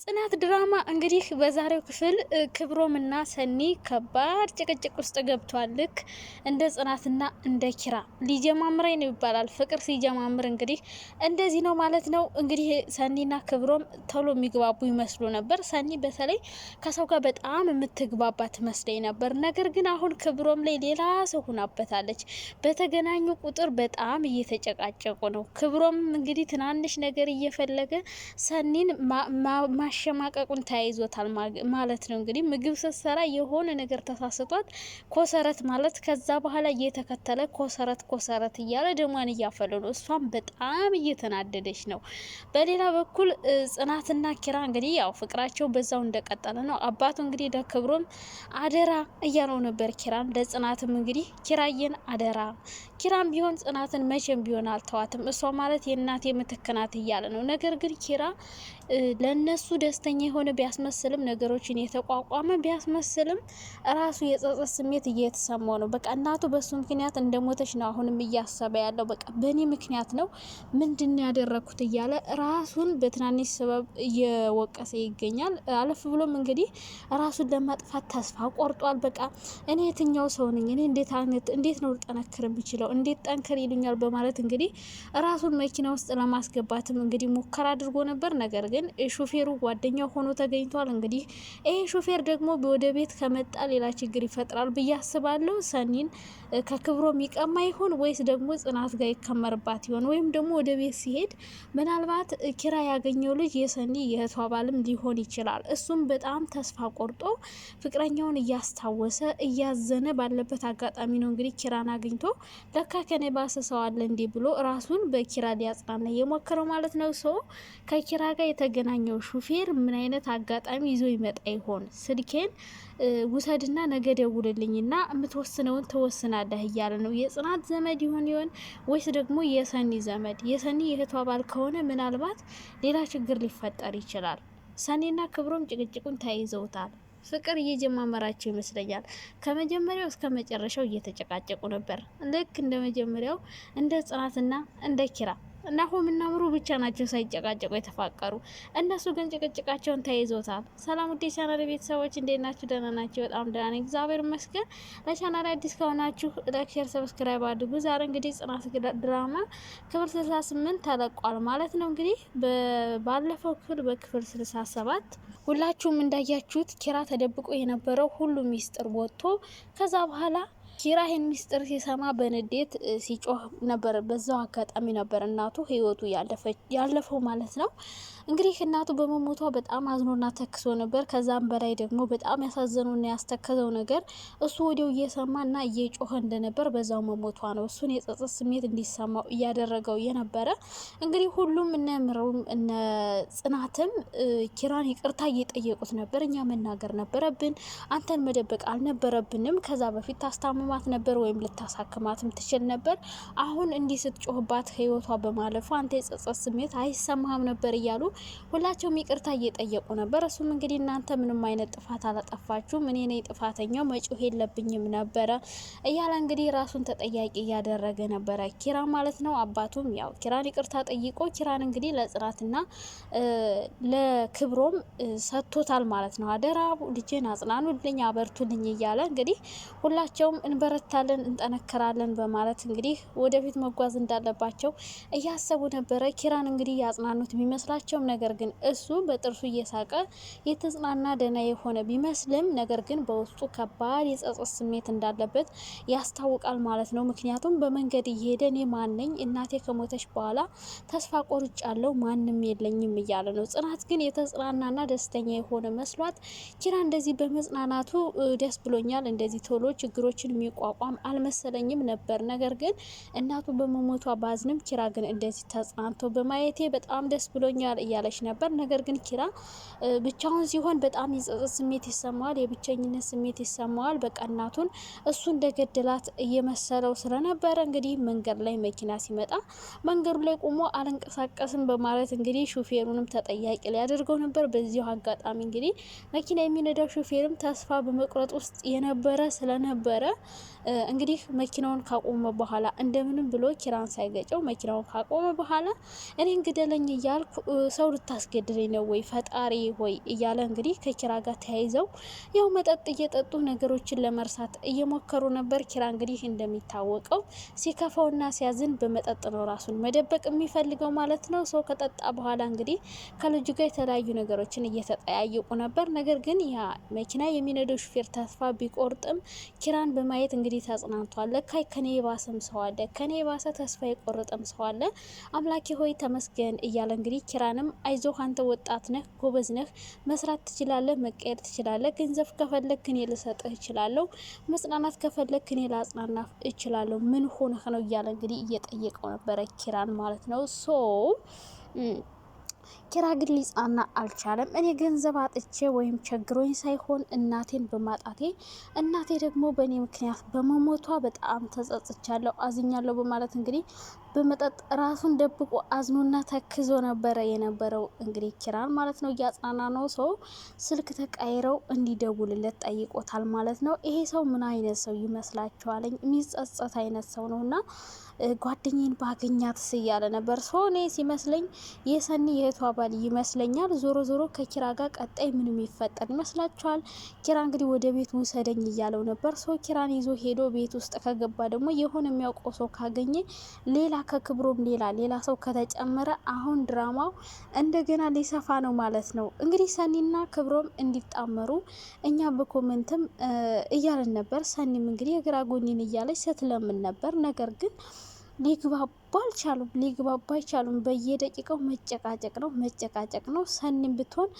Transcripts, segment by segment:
ጽናት ድራማ እንግዲህ በዛሬው ክፍል ክብሮምና ሰኒ ከባድ ጭቅጭቅ ውስጥ ገብቷል። ልክ እንደ ጽናትና እንደ ኪራ ሊጀማምረኝ ነው ይባላል። ፍቅር ሲጀማምር እንግዲህ እንደዚህ ነው ማለት ነው። እንግዲህ ሰኒና ክብሮም ቶሎ የሚግባቡ ይመስሉ ነበር። ሰኒ በተለይ ከሰው ጋር በጣም የምትግባባ ትመስለኝ ነበር። ነገር ግን አሁን ክብሮም ላይ ሌላ ሰው ሁናበታለች። በተገናኙ ቁጥር በጣም እየተጨቃጨቁ ነው። ክብሮም እንግዲህ ትናንሽ ነገር እየፈለገ ሰኒን ማሸማቀቁን ተያይዞታል ማለት ነው። እንግዲህ ምግብ ስትሰራ የሆነ ነገር ተሳስቷት ኮሰረት ማለት ከዛ በኋላ እየተከተለ ኮሰረት ኮሰረት እያለ ደሟን እያፈለ ነው። እሷም በጣም እየተናደደች ነው። በሌላ በኩል ጽናትና ኪራ እንግዲህ ያው ፍቅራቸው በዛው እንደቀጠለ ነው። አባቱ እንግዲህ ለክብሮም አደራ እያለው ነበር። ኪራም ለጽናትም እንግዲህ ኪራዬን አደራ ኪራም ቢሆን ጽናትን መቼም ቢሆን አልተዋትም። እሷ ማለት የእናቴ ምትክ ናት እያለ ነው። ነገር ግን ኪራ ለእነሱ ደስተኛ የሆነ ቢያስመስልም ነገሮችን የተቋቋመ ቢያስመስልም ራሱ የጸጸት ስሜት እየተሰማው ነው። በቃ እናቱ በሱ ምክንያት እንደሞተች ነው አሁንም እያሰበ ያለው። በቃ በእኔ ምክንያት ነው ምንድን ያደረግኩት እያለ ራሱን በትናንሽ ሰበብ እየወቀሰ ይገኛል። አለፍ ብሎም እንግዲህ ራሱን ለማጥፋት ተስፋ ቆርጧል። በቃ እኔ የትኛው ሰው ነኝ? እኔ እንዴት ነው ልጠነክር የምችለው እንዴት ጠንከር ይሉኛል በማለት እንግዲህ ራሱን መኪና ውስጥ ለማስገባትም እንግዲህ ሙከራ አድርጎ ነበር። ነገር ግን ሾፌሩ ጓደኛው ሆኖ ተገኝቷል። እንግዲህ ይሄ ሾፌር ደግሞ ወደ ቤት ከመጣ ሌላ ችግር ይፈጥራል ብዬ አስባለሁ። ሰኒን ከክብሮ የሚቀማ ይሆን ወይስ ደግሞ ጽናት ጋር ይከመርባት ይሆን? ወይም ደግሞ ወደ ቤት ሲሄድ ምናልባት ኪራ ያገኘው ልጅ የሰኒ የእህቷ ባልም ሊሆን ይችላል። እሱም በጣም ተስፋ ቆርጦ ፍቅረኛውን እያስታወሰ እያዘነ ባለበት አጋጣሚ ነው እንግዲህ ኪራን አግኝቶ ለካ ከኔ ባሰ ሰው አለ እንዲህ ብሎ ራሱን በኪራ ሊያጽናና የሞከረው ማለት ነው። ሰው ከኪራ ጋር የተገናኘው ሹፌር ምን አይነት አጋጣሚ ይዞ ይመጣ ይሆን? ስልኬን ውሰድና ነገ ደውልልኝና የምትወስነውን ትወስናለህ እያለ ነው። የጽናት ዘመድ ይሆን ይሆን ወይስ ደግሞ የሰኒ ዘመድ? የሰኒ የእህቷ አባል ከሆነ ምናልባት ሌላ ችግር ሊፈጠር ይችላል። ሰኔና ክብሮም ጭቅጭቁን ተያይዘውታል። ፍቅር እየጀማመራቸው ይመስለኛል። ከመጀመሪያው እስከ መጨረሻው እየተጨቃጨቁ ነበር፣ ልክ እንደ መጀመሪያው እንደ ጽናትና እንደ ኪራ ናሆም እና ምሩ ብቻ ናቸው ሳይጨቃጨቁ የተፋቀሩ። እነሱ ግን ጭቅጭቃቸውን ተይዞታል። ሰላም ውዴ ቻናል ቤተሰቦች እንዴት ናችሁ? ደህና ናቸው። በጣም ደህና ነኝ እግዚአብሔር ይመስገን። ለቻናል አዲስ ከሆናችሁ ላይክ፣ ሼር፣ ሰብስክራይብ አድርጉ። ዛሬ እንግዲህ ጽናት ድራማ ክፍል ስልሳ ተለቋል ማለት ነው። እንግዲህ ባለፈው ክፍል በክፍል ስልሳ ሁላችሁም እንዳያችሁት ኪራ ተደብቆ የነበረው ሁሉ ሚስጥር ወጥቶ ከዛ በኋላ ኪራ ይህን ሚስጥር ሲሰማ በንዴት ሲጮህ ነበር። በዛው አጋጣሚ ነበር እናቱ ህይወቱ ያለፈው ማለት ነው። እንግዲህ እናቱ በመሞቷ በጣም አዝኖና ተክሶ ነበር። ከዛም በላይ ደግሞ በጣም ያሳዘነውና ያስተከዘው ነገር እሱ ወዲያው እየሰማና እየጮኸ እንደነበር በዛው መሞቷ ነው እሱን የጸጸት ስሜት እንዲሰማው እያደረገው የነበረ። እንግዲህ ሁሉም እነ ምሩም እነ ጽናትም ኪራን ይቅርታ እየጠየቁት ነበር። እኛ መናገር ነበረብን፣ አንተን መደበቅ አልነበረብንም። ከዛ በፊት ታስታምማ ታሳክማት ነበር ወይም ልታሳክማትም ትችል ነበር። አሁን እንዲህ ስትጮህባት ህይወቷ በማለፉ አንተ የጸጸት ስሜት አይሰማህም ነበር እያሉ ሁላቸውም ይቅርታ እየጠየቁ ነበር። እሱም እንግዲህ እናንተ ምንም አይነት ጥፋት አላጠፋችሁም፣ እኔ ነኝ ጥፋተኛው፣ መጮህ የለብኝም ነበረ እያለ እንግዲህ ራሱን ተጠያቂ እያደረገ ነበረ ኪራ ማለት ነው። አባቱም ያው ኪራን ይቅርታ ጠይቆ ኪራን እንግዲህ ለጽናትና ለክብሮም ሰጥቶታል ማለት ነው። አደራ ልጄን አጽናኑልኝ፣ አበርቱልኝ እያለ እንግዲህ ሁላቸውም እንበረታለን፣ እንጠነክራለን በማለት እንግዲህ ወደፊት መጓዝ እንዳለባቸው እያሰቡ ነበረ። ኪራን እንግዲህ ያጽናኑት ቢመስላቸውም ነገር ግን እሱ በጥርሱ እየሳቀ የተጽናና ደህና የሆነ ቢመስልም ነገር ግን በውስጡ ከባድ የጸጸት ስሜት እንዳለበት ያስታውቃል ማለት ነው። ምክንያቱም በመንገድ እየሄደ እኔ ማነኝ እናቴ ከሞተች በኋላ ተስፋ ቆርጫለሁ፣ ማንም የለኝም እያለ ነው። ጽናት ግን የተጽናናና ደስተኛ የሆነ መስሏት ኪራ እንደዚህ በመጽናናቱ ደስ ብሎኛል እንደዚህ ቶሎ ችግሮችን የሚቋቋም አልመሰለኝም ነበር። ነገር ግን እናቱ በመሞቷ ባዝንም ኪራ ግን እንደዚህ ተጽናንቶ በማየቴ በጣም ደስ ብሎኛል እያለች ነበር። ነገር ግን ኪራ ብቻውን ሲሆን በጣም የጸጸት ስሜት ይሰማዋል፣ የብቸኝነት ስሜት ይሰማዋል። በቃ እናቱን እሱ እንደገደላት እየመሰለው ስለነበረ እንግዲህ መንገድ ላይ መኪና ሲመጣ መንገዱ ላይ ቆሞ አልንቀሳቀስም በማለት እንግዲህ ሹፌሩንም ተጠያቂ ሊያደርገው ነበር። በዚሁ አጋጣሚ እንግዲህ መኪና የሚነዳው ሹፌርም ተስፋ በመቁረጥ ውስጥ የነበረ ስለነበረ እንግዲህ መኪናውን ካቆመ በኋላ እንደምንም ብሎ ኪራን ሳይገጨው መኪናውን ካቆመ በኋላ እኔን ግደለኝ እያልኩ ሰው ልታስገድለኝ ነው ወይ ፈጣሪ ሆይ እያለ እንግዲህ ከኪራ ጋር ተያይዘው ያው መጠጥ እየጠጡ ነገሮችን ለመርሳት እየሞከሩ ነበር። ኪራ እንግዲህ እንደሚታወቀው ሲከፋውና ሲያዝን በመጠጥ ነው ራሱን መደበቅ የሚፈልገው ማለት ነው። ሰው ከጠጣ በኋላ እንግዲህ ከልጁ ጋር የተለያዩ ነገሮችን እየተጠያየቁ ነበር። ነገር ግን ያ መኪና የሚነደው ሹፌር ተስፋ ቢቆርጥም ኪራን በማየት በማለት እንግዲህ ተጽናንቷል። ለካይ ከኔ የባሰም ሰው አለ፣ ከኔ የባሰ ተስፋ የቆረጠም ሰው አለ፣ አምላኬ ሆይ ተመስገን እያለ እንግዲህ ኪራንም አይዞህ አንተ ወጣት ነህ፣ ጎበዝ ነህ፣ መስራት ትችላለህ፣ መቀየር ትችላለህ፣ ገንዘብ ከፈለግ እኔ ልሰጥህ እችላለሁ፣ መጽናናት ከፈለግ እኔ ላጽናና እችላለሁ፣ ምን ሆነህ ነው እያለ እንግዲህ እየጠየቀው ነበረ ኪራን ማለት ነው ሶ ኪራ ግን ሊጻና አልቻለም። እኔ ገንዘብ አጥቼ ወይም ቸግሮኝ ሳይሆን እናቴን በማጣቴ እናቴ ደግሞ በእኔ ምክንያት በመሞቷ በጣም ተጸጽቻለሁ፣ አዝኛለሁ በማለት እንግዲህ በመጠጥ ራሱን ደብቆ አዝኖና ተክዞ ነበረ የነበረው እንግዲህ ኪራን ማለት ነው። እያጽናና ነው ሰው ስልክ ተቀይረው እንዲደውልለት ጠይቆታል ማለት ነው። ይሄ ሰው ምን አይነት ሰው ይመስላችኋለኝ? የሚጸጸት አይነት ሰው ነው እና ጓደኛዬን ባገኛት እያለ ነበር። ሰው እኔ ሲመስለኝ የሰኒ የእህቱ አባል ይመስለኛል። ዞሮ ዞሮ ከኪራ ጋር ቀጣይ ምንም ይፈጠር ይመስላችኋል? ኪራ እንግዲህ ወደ ቤት ውሰደኝ እያለው ነበር። ሰው ኪራን ይዞ ሄዶ ቤት ውስጥ ከገባ ደግሞ የሆነ የሚያውቀው ሰው ካገኘ ሌላ ከክብሮም ሌላ ሌላ ሰው ከተጨመረ አሁን ድራማው እንደገና ሊሰፋ ነው ማለት ነው። እንግዲህ ሰኒና ክብሮም እንዲጣመሩ እኛ በኮመንትም እያለን ነበር። ሰኒም እንግዲህ የግራ ጎኒን እያለች ስትለምን ነበር ነገር ግን ሊግባቡ አልቻሉም፣ ሊግባቡ አይቻሉም። በየደቂቃው መጨቃጨቅ ነው መጨቃጨቅ ነው። ሰኒም ብትሆን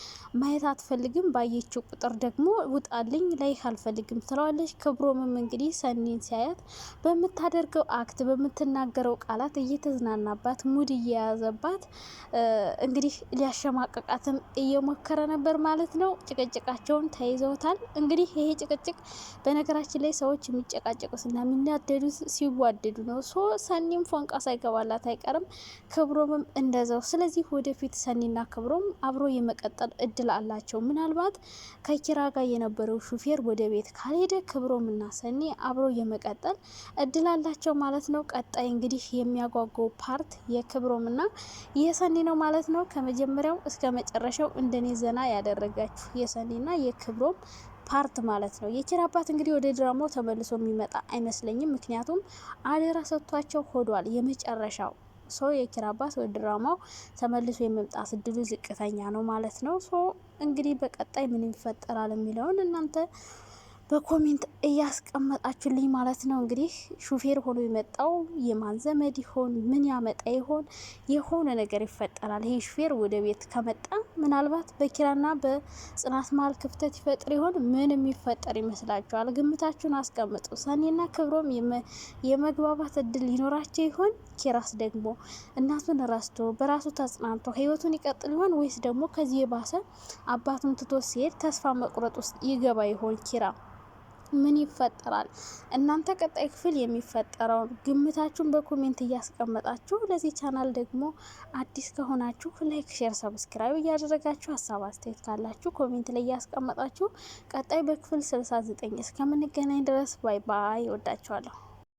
ማየት አትፈልግም። ባየችው ቁጥር ደግሞ ውጣልኝ፣ ላይህ አልፈልግም ትለዋለች። ክብሮምም እንግዲህ ሰኒን ሲያያት በምታደርገው አክት፣ በምትናገረው ቃላት እየተዝናናባት ሙድ እየያዘባት እንግዲህ ሊያሸማቀቃትም እየሞከረ ነበር ማለት ነው። ጭቅጭቃቸውን ተይዘውታል። እንግዲህ ይሄ ጭቅጭቅ በነገራችን ላይ ሰዎች የሚጨቃጨቁትና የሚናደዱት ሲዋደዱ ነው። ሶ ሰኒም ፎንቃ ሳይ ሳይገባላት አይቀርም። ክብሮምም እንደዛው። ስለዚህ ወደፊት ሰኒና ክብሮም አብሮ የመቀጠል እድል አላቸው። ምናልባት ከኪራ ጋር የነበረው ሹፌር ወደ ቤት ካልሄደ ክብሮምና ሰኒ አብሮ የመቀጠል እድል አላቸው ማለት ነው። ቀጣይ እንግዲህ የሚያጓጓው ፓርት የክብሮምና የሰኒ ነው ማለት ነው። ከመጀመሪያው እስከ መጨረሻው እንደኔ ዘና ያደረጋችሁ የሰኒና የክብሮም ፓርት ማለት ነው። የኪራ አባት እንግዲህ ወደ ድራማው ተመልሶ የሚመጣ አይመስለኝም። ምክንያቱም አደራ ሰጥቷቸው ሆዷል። የመጨረሻው ሰው የኪራ አባት ወደ ድራማው ተመልሶ የመምጣት እድሉ ዝቅተኛ ነው ማለት ነው። ሶ እንግዲህ በቀጣይ ምን ይፈጠራል የሚለውን እናንተ በኮሜንት እያስቀመጣችሁልኝ ማለት ነው። እንግዲህ ሹፌር ሆኖ የመጣው የማን ዘመድ ይሆን? ምን ያመጣ ይሆን? የሆነ ነገር ይፈጠራል። ይሄ ሹፌር ወደ ቤት ከመጣ ምናልባት በኪራና በጽናት መሀል ክፍተት ይፈጥር ይሆን? ምን የሚፈጠር ይመስላችኋል? ግምታችሁን አስቀምጡ። ሰኔና ክብሮም የመግባባት እድል ሊኖራቸው ይሆን? ኪራስ ደግሞ እናቱን ረስቶ በራሱ ተጽናንቶ ህይወቱን ይቀጥል ይሆን? ወይስ ደግሞ ከዚህ የባሰ አባቱን ትቶ ሲሄድ ተስፋ መቁረጥ ውስጥ ይገባ ይሆን ኪራ? ምን ይፈጠራል? እናንተ ቀጣይ ክፍል የሚፈጠረውን ግምታችሁን በኮሜንት እያስቀመጣችሁ ለዚህ ቻናል ደግሞ አዲስ ከሆናችሁ ላይክ፣ ሼር፣ ሰብስክራይብ እያደረጋችሁ ሀሳብ አስተያየት ካላችሁ ኮሜንት ላይ እያስቀመጣችሁ ቀጣይ በክፍል 69 እስከምንገናኝ ድረስ ባይ ባይ። ወዳችኋለሁ።